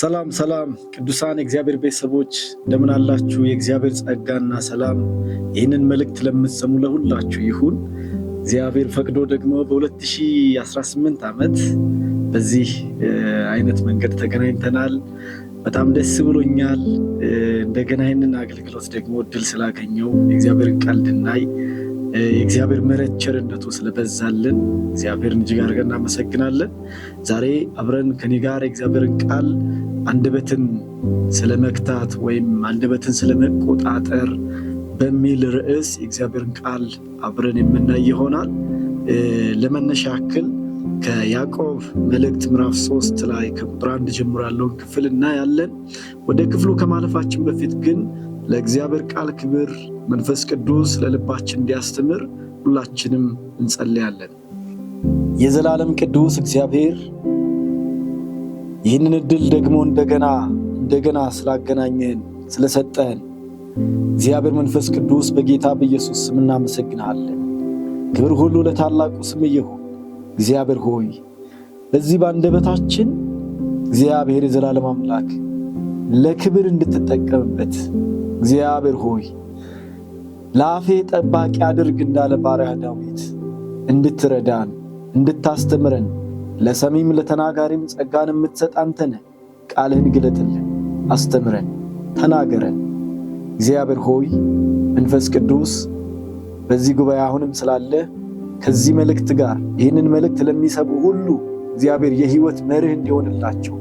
ሰላም ሰላም ቅዱሳን የእግዚአብሔር ቤተሰቦች እንደምን አላችሁ? የእግዚአብሔር ጸጋና ሰላም ይህንን መልእክት ለምትሰሙ ለሁላችሁ ይሁን። እግዚአብሔር ፈቅዶ ደግሞ በ2018 ዓመት በዚህ አይነት መንገድ ተገናኝተናል። በጣም ደስ ብሎኛል። እንደገና ይህንን አገልግሎት ደግሞ እድል ስላገኘው የእግዚአብሔር ቃል እንድናይ የእግዚአብሔር ምሕረት ቸርነቱ ስለበዛልን እግዚአብሔርን እጅግ አድርገን እናመሰግናለን። ዛሬ አብረን ከኔ ጋር የእግዚአብሔርን ቃል አንደበትን ስለመክታት ወይም አንደበትን ስለመቆጣጠር በሚል ርዕስ የእግዚአብሔርን ቃል አብረን የምናይ ይሆናል። ለመነሻ ያክል ከያዕቆብ መልእክት ምዕራፍ ሶስት ላይ ከቁጥር አንድ ጀምሮ ያለውን ክፍል እናያለን። ወደ ክፍሉ ከማለፋችን በፊት ግን ለእግዚአብሔር ቃል ክብር መንፈስ ቅዱስ ለልባችን እንዲያስተምር ሁላችንም እንጸልያለን። የዘላለም ቅዱስ እግዚአብሔር ይህንን እድል ደግሞ እንደገና እንደገና ስላገናኘህን ስለሰጠህን እግዚአብሔር መንፈስ ቅዱስ በጌታ በኢየሱስ ስም እናመሰግናለን። ክብር ሁሉ ለታላቁ ስም ይሁን። እግዚአብሔር ሆይ በዚህ ባንደበታችን እግዚአብሔር የዘላለም አምላክ ለክብር እንድትጠቀምበት እግዚአብሔር ሆይ ለአፌ ጠባቂ አድርግ እንዳለ ባሪያ ዳዊት እንድትረዳን እንድታስተምረን ለሰሚም ለተናጋሪም ጸጋን የምትሰጥ አንተነ ቃልህን ግለጥልን፣ አስተምረን፣ ተናገረን። እግዚአብሔር ሆይ መንፈስ ቅዱስ በዚህ ጉባኤ አሁንም ስላለ ከዚህ መልእክት ጋር ይህንን መልእክት ለሚሰቡ ሁሉ እግዚአብሔር የህይወት መርህ እንዲሆንላቸው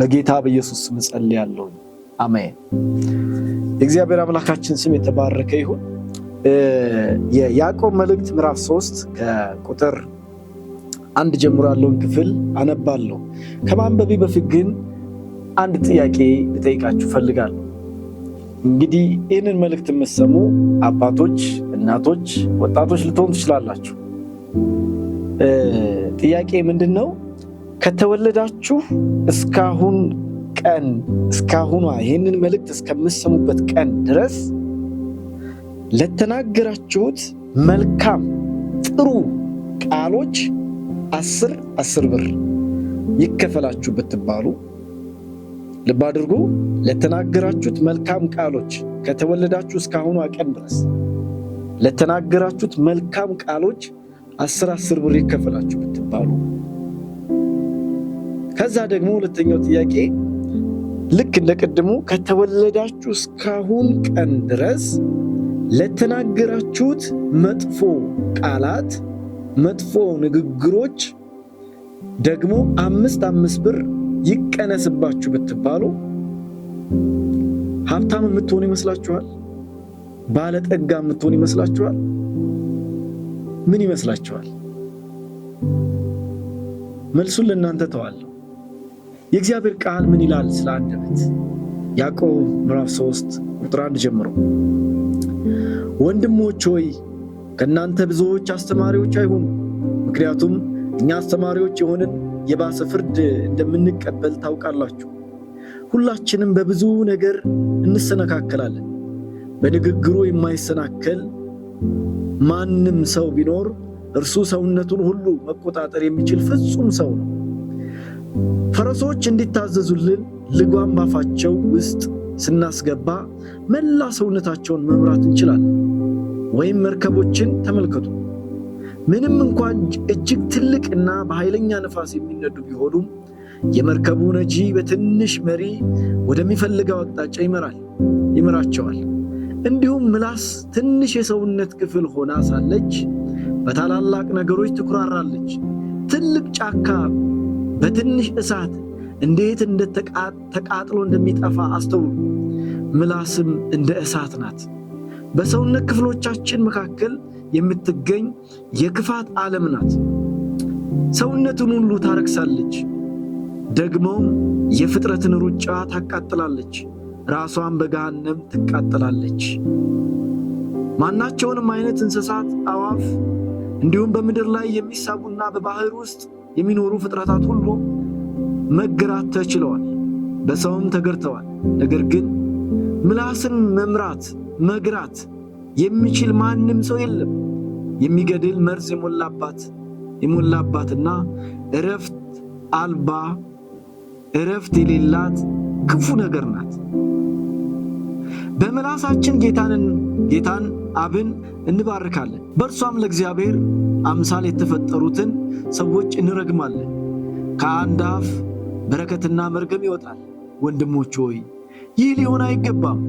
በጌታ በኢየሱስ ስም ጸልያለሁ። አሜን። የእግዚአብሔር አምላካችን ስም የተባረከ ይሁን። የያዕቆብ መልእክት ምዕራፍ 3 ከቁጥር አንድ ጀምሮ ያለውን ክፍል አነባለሁ። ከማንበቢ በፊት ግን አንድ ጥያቄ ልጠይቃችሁ ፈልጋለሁ። እንግዲህ ይህንን መልእክት የምትሰሙ አባቶች፣ እናቶች፣ ወጣቶች ልትሆኑ ትችላላችሁ። ጥያቄ ምንድን ነው? ከተወለዳችሁ እስካሁን ቀን እስካሁኗ ይህንን መልእክት እስከምሰሙበት ቀን ድረስ ለተናገራችሁት መልካም ጥሩ ቃሎች አስር አስር ብር ይከፈላችሁ ብትባሉ ልብ አድርጉ። ለተናገራችሁት መልካም ቃሎች ከተወለዳችሁ እስካሁኗ ቀን ድረስ ለተናገራችሁት መልካም ቃሎች አስር አስር ብር ይከፈላችሁ ብትባሉ ከዛ ደግሞ ሁለተኛው ጥያቄ ልክ እንደ ቅድሙ ከተወለዳችሁ እስካሁን ቀን ድረስ ለተናገራችሁት መጥፎ ቃላት፣ መጥፎ ንግግሮች ደግሞ አምስት አምስት ብር ይቀነስባችሁ ብትባሉ ሀብታም የምትሆኑ ይመስላችኋል? ባለጠጋ የምትሆኑ ይመስላችኋል? ምን ይመስላችኋል? መልሱን ለእናንተ ተዋለሁ። የእግዚአብሔር ቃል ምን ይላል ስለ አንደበት? ያዕቆብ ምዕራፍ 3 ቁጥር 1 ጀምሮ ወንድሞች ሆይ ከእናንተ ብዙዎች አስተማሪዎች አይሁኑ፣ ምክንያቱም እኛ አስተማሪዎች የሆንን የባሰ ፍርድ እንደምንቀበል ታውቃላችሁ። ሁላችንም በብዙ ነገር እንሰነካከላለን። በንግግሩ የማይሰናከል ማንም ሰው ቢኖር እርሱ ሰውነቱን ሁሉ መቆጣጠር የሚችል ፍጹም ሰው ነው። ፈረሶች እንዲታዘዙልን ልጓም ባፋቸው ውስጥ ስናስገባ መላ ሰውነታቸውን መምራት እንችላለን። ወይም መርከቦችን ተመልከቱ። ምንም እንኳን እጅግ ትልቅ እና በኃይለኛ ነፋስ የሚነዱ ቢሆኑም የመርከቡ ነጂ በትንሽ መሪ ወደሚፈልገው አቅጣጫ ይመራል ይመራቸዋል። እንዲሁም ምላስ ትንሽ የሰውነት ክፍል ሆና ሳለች በታላላቅ ነገሮች ትኩራራለች። ትልቅ ጫካ በትንሽ እሳት እንዴት ተቃጥሎ እንደሚጠፋ አስተውሉ። ምላስም እንደ እሳት ናት። በሰውነት ክፍሎቻችን መካከል የምትገኝ የክፋት ዓለም ናት። ሰውነትን ሁሉ ታረክሳለች፣ ደግሞ የፍጥረትን ሩጫ ታቃጥላለች፣ ራሷን በገሃነም ትቃጠላለች። ማናቸውንም አይነት እንስሳት፣ አዋፍ እንዲሁም በምድር ላይ የሚሳቡና በባህር ውስጥ የሚኖሩ ፍጥረታት ሁሉ መገራት ተችለዋል፣ በሰውም ተገርተዋል። ነገር ግን ምላስን መምራት መግራት የሚችል ማንም ሰው የለም። የሚገድል መርዝ የሞላባት የሞላባትና እረፍት አልባ እረፍት የሌላት ክፉ ነገር ናት። በምላሳችን ጌታን አብን እንባርካለን፣ በእርሷም ለእግዚአብሔር አምሳል የተፈጠሩትን ሰዎች እንረግማለን። ከአንድ አፍ በረከትና መርገም ይወጣል። ወንድሞች ሆይ ይህ ሊሆን አይገባም።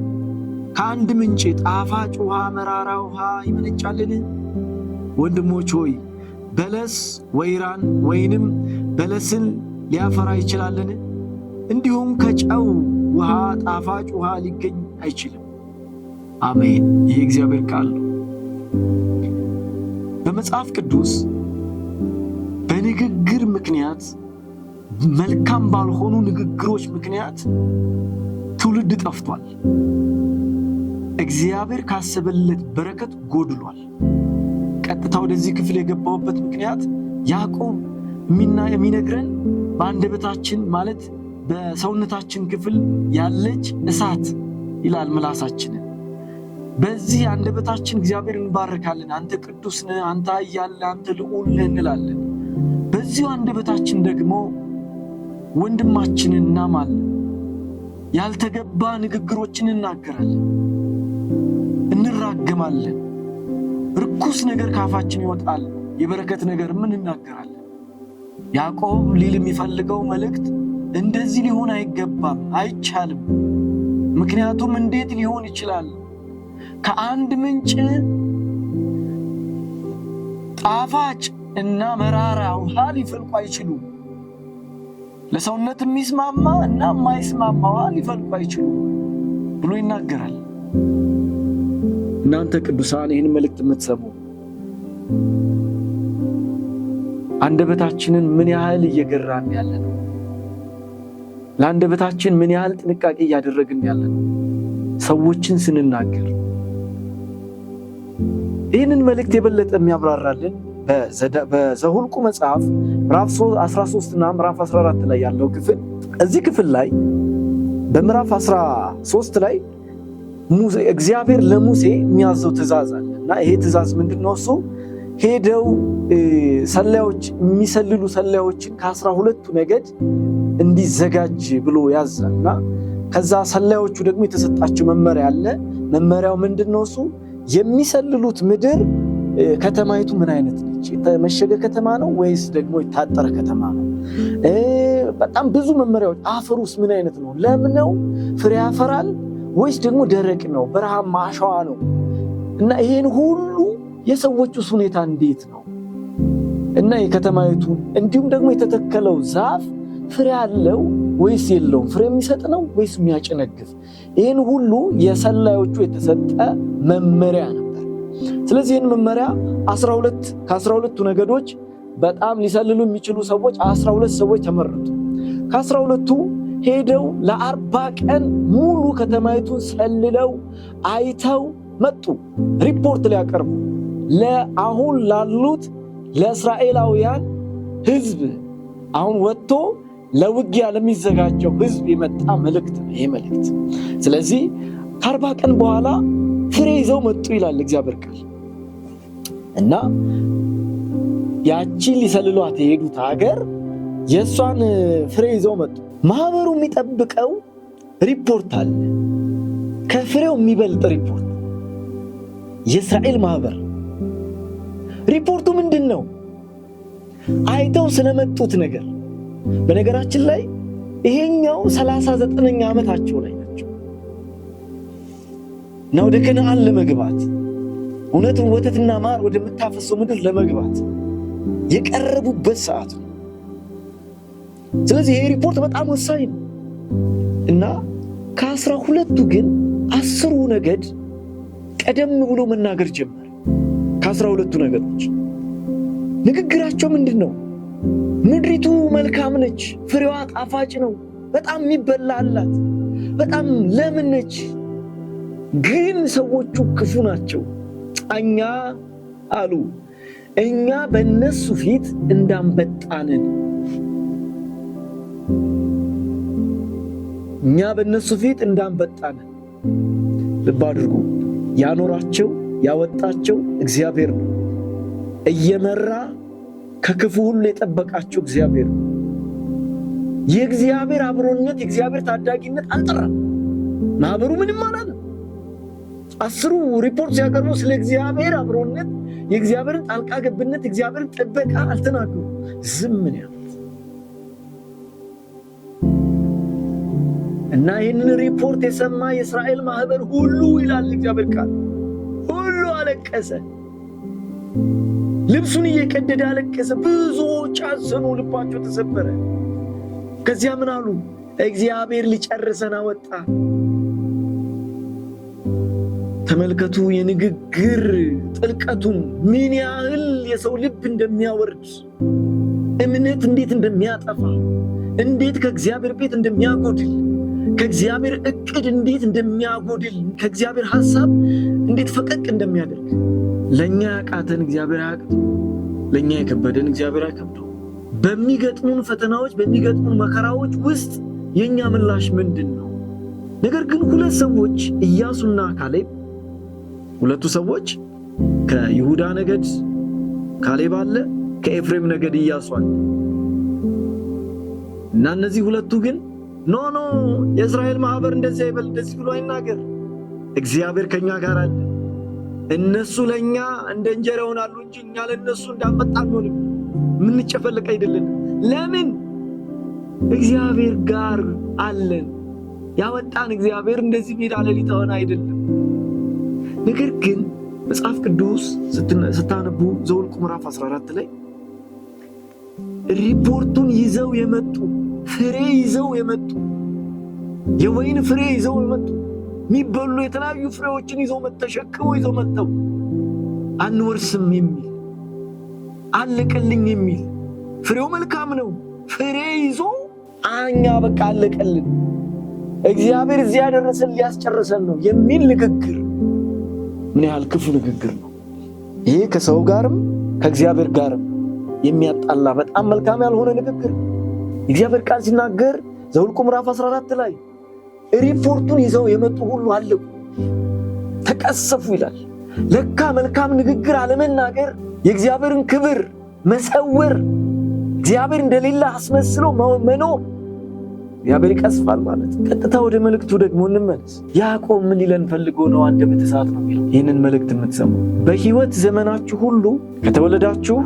ከአንድ ምንጭ ጣፋጭ ውሃ መራራ ውሃ ይመነጫልን? ወንድሞች ሆይ በለስ ወይራን ወይንም በለስን ሊያፈራ ይችላልን? እንዲሁም ከጨው ውሃ ጣፋጭ ውሃ ሊገኝ አይችልም። አሜን። ይህ እግዚአብሔር ቃል ነው። በመጽሐፍ ቅዱስ በንግግር ምክንያት መልካም ባልሆኑ ንግግሮች ምክንያት ትውልድ ጠፍቷል። እግዚአብሔር ካሰበለት በረከት ጎድሏል። ቀጥታ ወደዚህ ክፍል የገባውበት ምክንያት ያዕቆብ የሚነግረን በአንደበታችን ማለት በሰውነታችን ክፍል ያለች እሳት ይላል ምላሳችን በዚህ አንደበታችን እግዚአብሔር እንባረካለን። አንተ ቅዱስ ነህ፣ አንተ ኃያል ነህ፣ አንተ ልዑል ነህ እንላለን። በዚሁ አንደበታችን ደግሞ ወንድማችንን እናማለን፣ ያልተገባ ንግግሮችን እናገራለን፣ እንራገማለን። ርኩስ ነገር ካፋችን ይወጣል፣ የበረከት ነገርም እንናገራለን። ያዕቆብ ሊል የሚፈልገው መልእክት እንደዚህ ሊሆን አይገባም፣ አይቻልም። ምክንያቱም እንዴት ሊሆን ይችላል ከአንድ ምንጭ ጣፋጭ እና መራራ ውሃ ሊፈልቁ አይችሉም። ለሰውነት የሚስማማ እና የማይስማማ ውሃ ሊፈልቁ አይችሉም ብሎ ይናገራል። እናንተ ቅዱሳን ይህን መልእክት የምትሰሙ አንደበታችንን ምን ያህል እየገራን ያለ ነው? ለአንደበታችን ምን ያህል ጥንቃቄ እያደረግን ያለ ነው? ሰዎችን ስንናገር ይህንን መልእክት የበለጠ የሚያብራራልን በዘሁልቁ መጽሐፍ ምዕራፍ 13 እና ምዕራፍ 14 ላይ ያለው ክፍል። እዚህ ክፍል ላይ በምዕራፍ 13 ላይ እግዚአብሔር ለሙሴ የሚያዘው ትእዛዝ አለ እና ይሄ ትእዛዝ ምንድን ነው? እሱ ሄደው ሰላዮች የሚሰልሉ ሰላዮችን ከአስራ ሁለቱ ነገድ እንዲዘጋጅ ብሎ ያዛል እና ከዛ ሰላዮቹ ደግሞ የተሰጣቸው መመሪያ አለ። መመሪያው ምንድን ነው? እሱ የሚሰልሉት ምድር ከተማይቱ ምን አይነት ነች? የተመሸገ ከተማ ነው ወይስ ደግሞ የታጠረ ከተማ ነው? በጣም ብዙ መመሪያዎች። አፈር ውስጥ ምን አይነት ነው? ለም ነው? ፍሬ ያፈራል ወይስ ደግሞ ደረቅ ነው? በረሃማ አሸዋ ነው? እና ይሄን ሁሉ የሰዎች ሁኔታ እንዴት ነው? እና የከተማይቱ እንዲሁም ደግሞ የተተከለው ዛፍ ፍሬ አለው ወይስ የለውም? ፍሬ የሚሰጥ ነው ወይስ የሚያጨነግፍ? ይህን ሁሉ የሰላዮቹ የተሰጠ መመሪያ ነበር። ስለዚህ ይህን መመሪያ አስራ ሁለት ከአስራ ሁለቱ ነገዶች በጣም ሊሰልሉ የሚችሉ ሰዎች አስራ ሁለት ሰዎች ተመረጡ። ከአስራ ሁለቱ ሄደው ለአርባ ቀን ሙሉ ከተማይቱን ሰልለው አይተው መጡ። ሪፖርት ሊያቀርቡ ለአሁን ላሉት ለእስራኤላውያን ሕዝብ አሁን ወጥቶ ለውጊያ ለሚዘጋጀው ህዝብ የመጣ መልእክት ነው ይህ መልእክት። ስለዚህ ከአርባ ቀን በኋላ ፍሬ ይዘው መጡ ይላል እግዚአብሔር ቃል እና ያቺን ሊሰልሏት የሄዱት ሀገር የእሷን ፍሬ ይዘው መጡ። ማህበሩ የሚጠብቀው ሪፖርት አለ፣ ከፍሬው የሚበልጥ ሪፖርት። የእስራኤል ማህበር ሪፖርቱ ምንድን ነው? አይተው ስለመጡት ነገር በነገራችን ላይ ይሄኛው ሰላሳ ዘጠነኛ ዓመታቸው ላይ ናቸው እና ወደ ከነአን ለመግባት እውነትም ወተትና ማር ወደምታፈሰው ምድር ለመግባት የቀረቡበት ሰዓት ነው። ስለዚህ ይሄ ሪፖርት በጣም ወሳኝ ነው እና ከአስራ ሁለቱ ግን አስሩ ነገድ ቀደም ብሎ መናገር ጀመር። ከአስራ ሁለቱ ነገዶች ንግግራቸው ምንድን ነው? ምድሪቱ መልካም ነች፣ ፍሬዋ ጣፋጭ ነው፣ በጣም የሚበላ አላት፣ በጣም ለምን ነች። ግን ሰዎቹ ክፉ ናቸው። እኛ አሉ እኛ በእነሱ ፊት እንዳንበጣንን እኛ በእነሱ ፊት እንዳንበጣንን። ልብ አድርጉ። ያኖራቸው ያወጣቸው እግዚአብሔር ነው እየመራ ከክፉ ሁሉ የጠበቃችሁ እግዚአብሔር የእግዚአብሔር አብሮነት የእግዚአብሔር ታዳጊነት አልጠራም። ማህበሩ ምንም አላለ። አስሩ ሪፖርት ሲያቀርቡ ስለ እግዚአብሔር አብሮነት የእግዚአብሔርን ጣልቃ ገብነት እግዚአብሔርን ጥበቃ አልተናገሩ። ዝም ምን ያሉት እና ይህንን ሪፖርት የሰማ የእስራኤል ማህበር ሁሉ ይላል እግዚአብሔር ቃል ሁሉ አለቀሰ። ልብሱን እየቀደደ አለቀሰ። ብዙዎች አዘኑ፣ ልባቸው ተሰበረ። ከዚያ ምን አሉ? እግዚአብሔር ሊጨርሰን አወጣ። ተመልከቱ የንግግር ጥልቀቱን ምን ያህል የሰው ልብ እንደሚያወርድ እምነት እንዴት እንደሚያጠፋ እንዴት ከእግዚአብሔር ቤት እንደሚያጎድል ከእግዚአብሔር እቅድ እንዴት እንደሚያጎድል ከእግዚአብሔር ሐሳብ እንዴት ፈቀቅ እንደሚያደርግ ለእኛ ያቃተን እግዚአብሔር አያቅቱ፣ ለእኛ የከበደን እግዚአብሔር አይከብዱ በሚገጥሙን ፈተናዎች፣ በሚገጥሙን መከራዎች ውስጥ የእኛ ምላሽ ምንድን ነው? ነገር ግን ሁለት ሰዎች ኢያሱና ካሌብ፣ ሁለቱ ሰዎች ከይሁዳ ነገድ ካሌብ አለ፣ ከኤፍሬም ነገድ ኢያሱ አለ እና እነዚህ ሁለቱ ግን ኖ ኖ የእስራኤል ማህበር እንደዚህ ይበል እንደዚህ ብሎ አይናገር፣ እግዚአብሔር ከእኛ ጋር አለ እነሱ ለእኛ እንደ እንጀራ ይሆናሉ እንጂ እኛ ለእነሱ እንዳመጣ አንሆንም። የምንጨፈልቅ አይደለን። ለምን? እግዚአብሔር ጋር አለን። ያወጣን እግዚአብሔር እንደዚህ ሜዳ ሌሊት ሆነ አይደለም። ነገር ግን መጽሐፍ ቅዱስ ስታነቡ ዘውልቁ ምዕራፍ 14 ላይ ሪፖርቱን ይዘው የመጡ ፍሬ ይዘው የመጡ የወይን ፍሬ ይዘው የመጡ የሚበሉ የተለያዩ ፍሬዎችን ይዞ ተሸክመው ይዞ መጥተው አንወርስም የሚል አለቀልኝ የሚል ፍሬው መልካም ነው። ፍሬ ይዞ አኛ በቃ አለቀልን፣ እግዚአብሔር እዚህ ያደረሰን ሊያስጨርሰን ነው የሚል ንግግር ምን ያህል ክፉ ንግግር ነው! ይህ ከሰው ጋርም ከእግዚአብሔር ጋርም የሚያጣላ በጣም መልካም ያልሆነ ንግግር። እግዚአብሔር ቃል ሲናገር ዘውልቁ ምዕራፍ 14 ላይ ሪፖርቱን ይዘው የመጡ ሁሉ አለቁ፣ ተቀሰፉ ይላል። ለካ መልካም ንግግር አለመናገር የእግዚአብሔርን ክብር መሰወር፣ እግዚአብሔር እንደሌለ አስመስሎ መኖር እግዚአብሔር ይቀስፋል ማለት። ቀጥታ ወደ መልእክቱ ደግሞ እንመለስ። ያዕቆብ ምን ይለን ፈልጎ ነው? አንደበተ እሳት ነው የሚለው ይህንን መልእክት የምትሰሙ በህይወት ዘመናችሁ ሁሉ ከተወለዳችሁ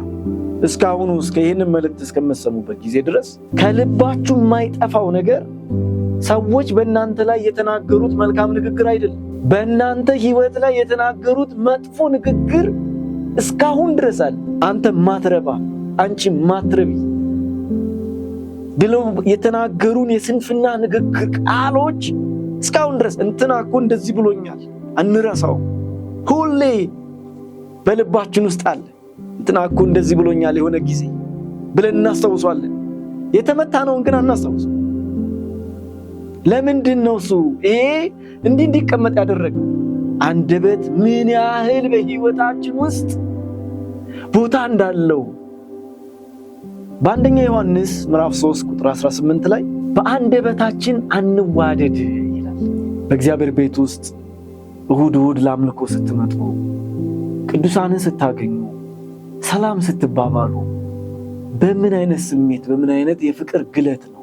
እስካሁኑ እስከ ይህንን መልእክት እስከምትሰሙበት ጊዜ ድረስ ከልባችሁ የማይጠፋው ነገር ሰዎች በእናንተ ላይ የተናገሩት መልካም ንግግር አይደለም። በእናንተ ህይወት ላይ የተናገሩት መጥፎ ንግግር እስካሁን ድረስ አለ። አንተ ማትረባ፣ አንቺ ማትረቢ ብለው የተናገሩን የስንፍና ንግግር ቃሎች እስካሁን ድረስ እንትና እኮ እንደዚህ ብሎኛል፣ አንረሳው። ሁሌ በልባችን ውስጥ አለ። እንትና እኮ እንደዚህ ብሎኛል የሆነ ጊዜ ብለን እናስታውሷለን። የተመታነውን ግን አናስታውሰው። ለምንድን ነው እሱ ይሄ እንዲህ እንዲቀመጥ ያደረገ? አንደበት ምን ያህል በህይወታችን ውስጥ ቦታ እንዳለው በአንደኛ ዮሐንስ ምዕራፍ 3 ቁጥር 18 ላይ በአንደበታችን አንዋደድ ይላል። በእግዚአብሔር ቤት ውስጥ እሁድ እሁድ ለአምልኮ ስትመጡ፣ ቅዱሳንን ስታገኙ፣ ሰላም ስትባባሉ በምን አይነት ስሜት በምን አይነት የፍቅር ግለት ነው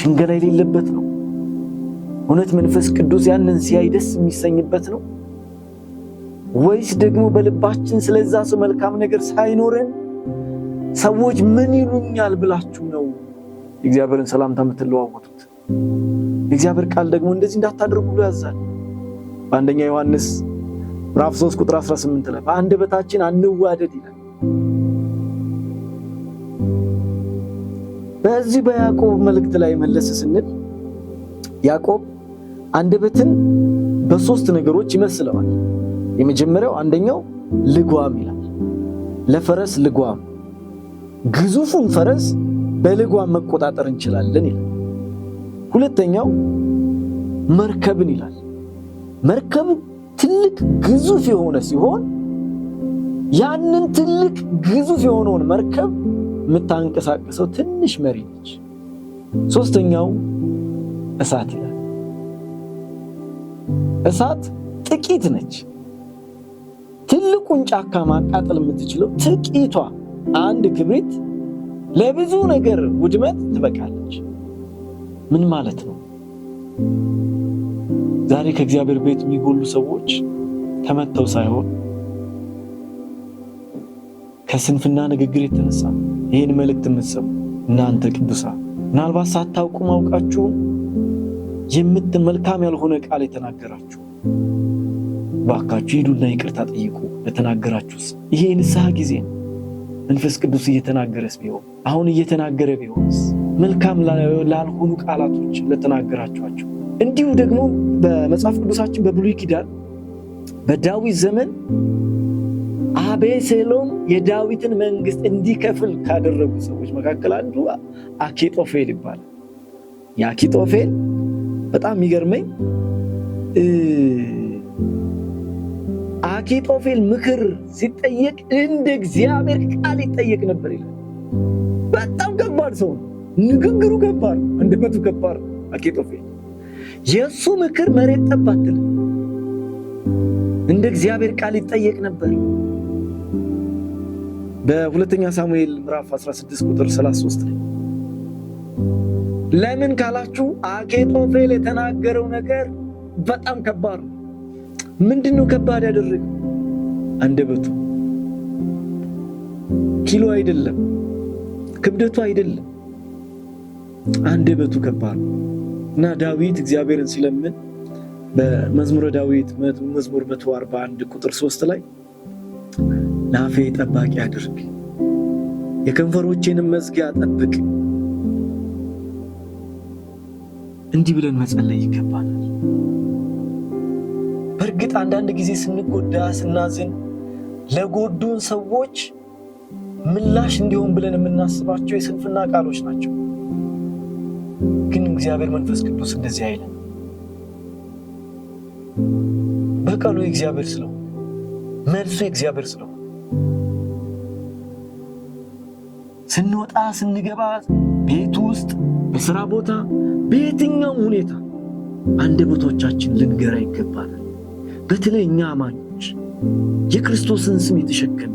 ሽንገላ የሌለበት ነው። እውነት መንፈስ ቅዱስ ያንን ሲያይ ደስ የሚሰኝበት ነው ወይስ ደግሞ በልባችን ስለዛ ሰው መልካም ነገር ሳይኖረን ሰዎች ምን ይሉኛል ብላችሁ ነው እግዚአብሔርን ሰላምታ የምትለዋወጡት? የእግዚአብሔር ቃል ደግሞ እንደዚህ እንዳታደርጉ ብሎ ያዛል። በአንደኛ ዮሐንስ ምዕራፍ 3 ቁጥር 18 ላይ በአንደበታችን አንዋደድ ይላል። በዚህ በያዕቆብ መልእክት ላይ መለስ ስንል ያዕቆብ አንደበትን በሶስት ነገሮች ይመስለዋል። የመጀመሪያው አንደኛው ልጓም ይላል። ለፈረስ ልጓም፣ ግዙፉን ፈረስ በልጓም መቆጣጠር እንችላለን ይላል። ሁለተኛው መርከብን ይላል። መርከብ ትልቅ ግዙፍ የሆነ ሲሆን ያንን ትልቅ ግዙፍ የሆነውን መርከብ የምታንቀሳቀሰው ትንሽ መሪ ነች። ሶስተኛው እሳት ይላል። እሳት ጥቂት ነች። ትልቁን ጫካ ማቃጠል የምትችለው ጥቂቷ አንድ ክብሪት ለብዙ ነገር ውድመት ትበቃለች። ምን ማለት ነው? ዛሬ ከእግዚአብሔር ቤት የሚጎሉ ሰዎች ተመተው ሳይሆን ከስንፍና ንግግር የተነሳ ይህን መልእክት የምትሰሙ እናንተ ቅዱሳ ምናልባት ሳታውቁ ማውቃችሁ የምት መልካም ያልሆነ ቃል የተናገራችሁ ባካችሁ ሂዱና ይቅርታ ጠይቁ። ለተናገራችሁ ይሄ የንስሐ ጊዜ ነው። መንፈስ ቅዱስ እየተናገረስ ቢሆን አሁን እየተናገረ ቢሆንስ መልካም ላልሆኑ ቃላቶች ለተናገራችኋቸው እንዲሁ ደግሞ በመጽሐፍ ቅዱሳችን በብሉይ ኪዳን በዳዊት ዘመን አቤሴሎም የዳዊትን መንግስት እንዲከፍል ካደረጉ ሰዎች መካከል አንዱ አኪጦፌል ይባላል። የአኪጦፌል በጣም የሚገርመኝ አኪጦፌል ምክር ሲጠየቅ እንደ እግዚአብሔር ቃል ይጠየቅ ነበር ይላል። በጣም ከባድ ሰው ነው። ንግግሩ ከባድ አንደበቱ ከባድ አኪጦፌል የእሱ ምክር መሬት ጠባትል እንደ እግዚአብሔር ቃል ይጠየቅ ነበር። በሁለተኛ ሳሙኤል ምዕራፍ 16 ቁጥር 33 ላይ ለምን ካላችሁ አኬጦፌል የተናገረው ነገር በጣም ከባድ ነው። ምንድን ነው ከባድ ያደረገው? አንደበቱ ኪሎ አይደለም፣ ክብደቱ አይደለም፣ አንደበቱ ከባድ ነው እና ዳዊት እግዚአብሔርን ሲለምን በመዝሙረ ዳዊት መዝሙር 141 ቁጥር 3 ላይ ለአፌ ጠባቂ አድርግ፣ የከንፈሮቼንም መዝጊያ ጠብቅ። እንዲህ ብለን መጸለይ ይገባናል። በእርግጥ አንዳንድ ጊዜ ስንጎዳ፣ ስናዝን ለጎዱን ሰዎች ምላሽ እንዲሆን ብለን የምናስባቸው የስንፍና ቃሎች ናቸው። ግን እግዚአብሔር መንፈስ ቅዱስ እንደዚህ አይለን። በቀሉ የእግዚአብሔር ስለሆነ መልሱ የእግዚአብሔር ስለሆነ ስንወጣ ስንገባ፣ ቤት ውስጥ፣ በስራ ቦታ፣ በየትኛውም ሁኔታ አንደበቶቻችን ልንገራ ይገባል። በተለይ እኛ አማኞች የክርስቶስን ስም አንድ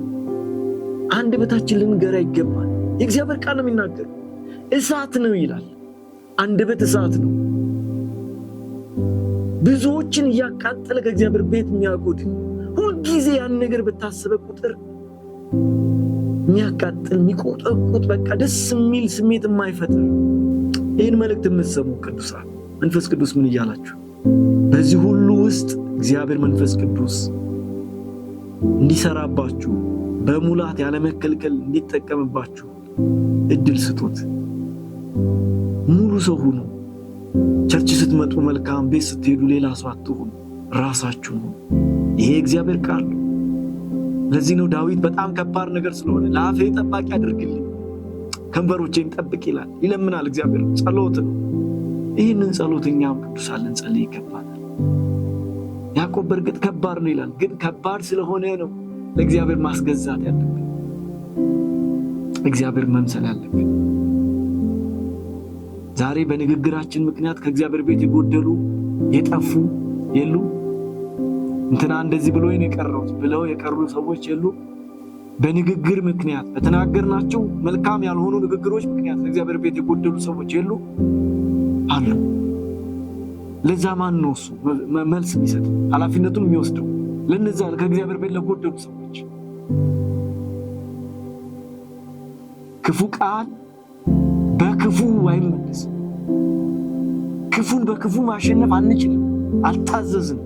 አንደበታችን ልንገራ ይገባል። የእግዚአብሔር ቃል ነው የሚናገር እሳት ነው ይላል። አንደበት እሳት ነው። ብዙዎችን እያቃጠለ ከእግዚአብሔር ቤት የሚያውቁት ሁልጊዜ ያን ነገር በታሰበ ቁጥር የሚያቃጥል የሚቆጠቁት በቃ ደስ የሚል ስሜት የማይፈጥር ይህን መልእክት የምትሰሙ ቅዱሳን መንፈስ ቅዱስ ምን እያላችሁ በዚህ ሁሉ ውስጥ እግዚአብሔር መንፈስ ቅዱስ እንዲሰራባችሁ በሙላት ያለመከልከል እንዲጠቀምባችሁ እድል ስጡት። ሙሉ ሰው ሁኑ። ቸርች ስትመጡ መልካም፣ ቤት ስትሄዱ ሌላ ሰው አትሁኑ፣ ራሳችሁ ነው። ይሄ እግዚአብሔር ቃል ለዚህ ነው ዳዊት በጣም ከባድ ነገር ስለሆነ ለአፌ ጠባቂ አድርግልኝ ከንፈሮቼን ጠብቅ ይላል፣ ይለምናል። እግዚአብሔር ጸሎት ነው። ይህንን ጸሎት እኛም ቅዱሳን ልንጸልይ ይገባናል። ያዕቆብ በእርግጥ ከባድ ነው ይላል፣ ግን ከባድ ስለሆነ ነው ለእግዚአብሔር ማስገዛት ያለብን፣ እግዚአብሔር መምሰል ያለብን። ዛሬ በንግግራችን ምክንያት ከእግዚአብሔር ቤት የጎደሉ የጠፉ የሉ እንትና እንደዚህ ብሎ የቀረውት ብለው የቀሩ ሰዎች የሉ። በንግግር ምክንያት በተናገርናቸው መልካም ያልሆኑ ንግግሮች ምክንያት እግዚአብሔር ቤት የጎደሉ ሰዎች የሉ አሉ። ለዛ ማን ነው እሱ መልስ የሚሰጥ ኃላፊነቱን የሚወስደው? ለነዛ ከእግዚአብሔር ቤት ለጎደሉ ሰዎች ክፉ ቃል በክፉ አይመለስም። ክፉን በክፉ ማሸነፍ አንችልም። አልታዘዝም።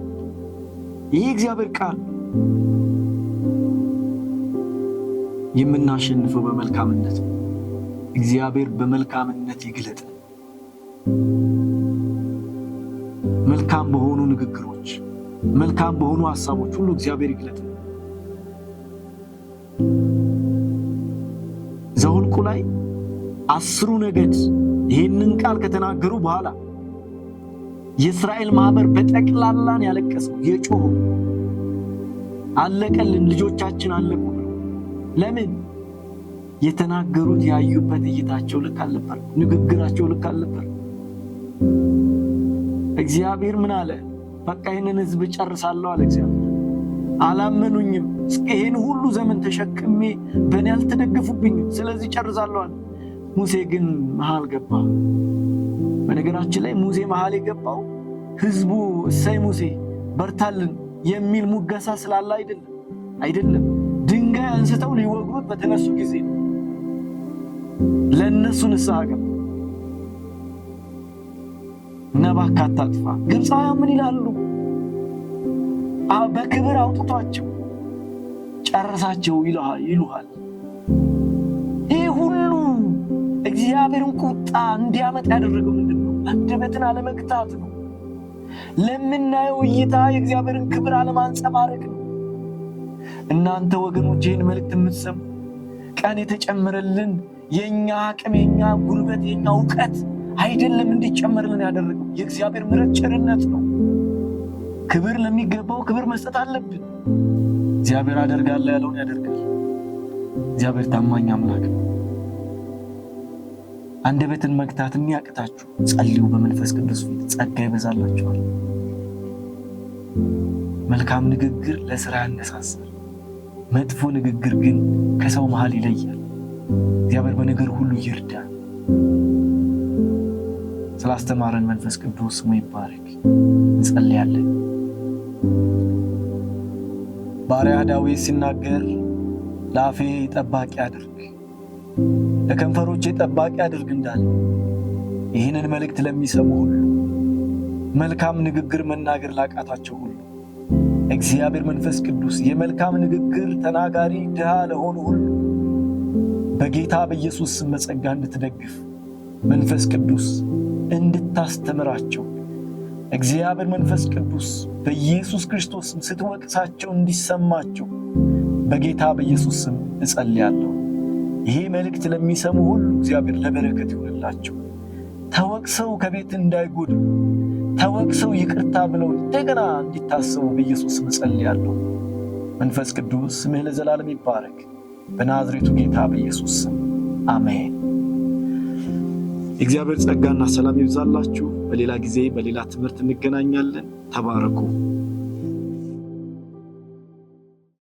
ይህ እግዚአብሔር ቃል የምናሸንፈው በመልካምነት እግዚአብሔር በመልካምነት ይግለጥ። መልካም በሆኑ ንግግሮች፣ መልካም በሆኑ ሀሳቦች ሁሉ እግዚአብሔር ይግለጥ። ዘኍልቍ ላይ አስሩ ነገድ ይህንን ቃል ከተናገሩ በኋላ የእስራኤል ማህበር በጠቅላላን ያለቀሰው የጮሁ አለቀልን፣ ልጆቻችን አለቁ ብሎ ለምን የተናገሩት ያዩበት እይታቸው ልክ አልነበር፣ ንግግራቸው ልክ አልነበር። እግዚአብሔር ምን አለ? በቃ ይህንን ህዝብ ጨርሳለሁ አለ እግዚአብሔር። አላመኑኝም፣ ይህን ሁሉ ዘመን ተሸክሜ በእኔ አልተደገፉብኝም፣ ስለዚህ ጨርሳለሁ አለ። ሙሴ ግን መሃል ገባ። በነገራችን ላይ ሙሴ መሀል የገባው ህዝቡ እሰይ ሙሴ በርታልን የሚል ሙገሳ ስላለ አይደለም አይደለም። ድንጋይ አንስተው ሊወግሩት በተነሱ ጊዜ ነው ለእነሱ ንስሐ ገባ። ነባካ አታጥፋ። ግብፃውያን ምን ይላሉ? በክብር አውጥቷቸው ጨርሳቸው ይሉሃል። እግዚአብሔርን ቁጣ እንዲያመጣ ያደረገው ምንድን ነው? አንደበትን አለመግታት ነው። ለምናየው እይታ የእግዚአብሔርን ክብር አለማንጸባረቅ ነው። እናንተ ወገኖች ይህን መልእክት የምትሰሙ ቀን የተጨመረልን የእኛ አቅም፣ የእኛ ጉልበት፣ የእኛ እውቀት አይደለም እንዲጨመርልን ያደረገው የእግዚአብሔር ምሕረት ቸርነት ነው። ክብር ለሚገባው ክብር መስጠት አለብን። እግዚአብሔር አደርጋለሁ ያለውን ያደርጋል። እግዚአብሔር ታማኝ አምላክ ነው። አንደበትን መግታት የሚያቅታችሁ ጸልዩ፣ በመንፈስ ቅዱስ ፊት ጸጋ ይበዛላችኋል። መልካም ንግግር ለስራ ያነሳሳል፣ መጥፎ ንግግር ግን ከሰው መሃል ይለያል። እግዚአብሔር በነገር ሁሉ ይርዳ። ስላስተማረን መንፈስ ቅዱስ ስሙ ይባረክ። እንጸልያለን። ባሪያ ዳዊት ሲናገር ለአፌ ጠባቂ አድርግ ለከንፈሮቼ ጠባቂ አድርግ እንዳለ ይህንን መልእክት ለሚሰሙ ሁሉ መልካም ንግግር መናገር ላቃታቸው ሁሉ እግዚአብሔር መንፈስ ቅዱስ የመልካም ንግግር ተናጋሪ ድሃ ለሆኑ ሁሉ በጌታ በኢየሱስ ስም መጸጋ እንድትደግፍ መንፈስ ቅዱስ እንድታስተምራቸው እግዚአብሔር መንፈስ ቅዱስ በኢየሱስ ክርስቶስ ስም ስትወቅሳቸው እንዲሰማቸው በጌታ በኢየሱስ ስም እጸልያለሁ። ይሄ መልእክት ለሚሰሙ ሁሉ እግዚአብሔር ለበረከት ይሆንላቸው። ተወቅሰው ከቤት እንዳይጎዱ፣ ተወቅሰው ይቅርታ ብለው እንደገና እንዲታሰቡ በኢየሱስ እጸልያለሁ። መንፈስ ቅዱስ ስምህ ለዘላለም ይባረክ። በናዝሬቱ ጌታ በኢየሱስ ስም አሜን። የእግዚአብሔር ጸጋና ሰላም ይብዛላችሁ። በሌላ ጊዜ በሌላ ትምህርት እንገናኛለን። ተባረኩ።